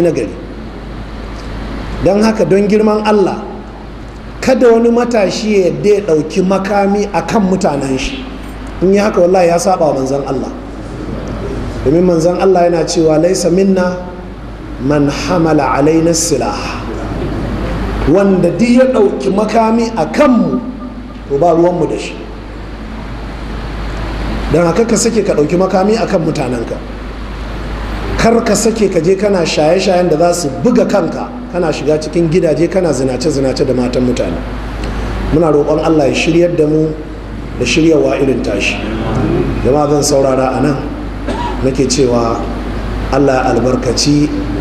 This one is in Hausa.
na gari don haka don girman allah kada wani matashi ya yadda ya ɗauki makami a kan mutanen shi in yi haka wallahi ya saba wa manzan allah domin manzan allah yana cewa laisa minna man hamala alaina silah wanda duk ya ɗauki makami a kanmu to ba ruwanmu da shi don haka ka sake ka ɗauki makami a kan mutanenka kar ka sake ka je kana shaye-shayen da za su buga kanka kana shiga cikin gidaje kana zinace-zinace da matan mutane muna roƙon allah ya shiryar da mu da shiryawa irin tashi jama'a zan saurara a nan nake cewa allah albarkaci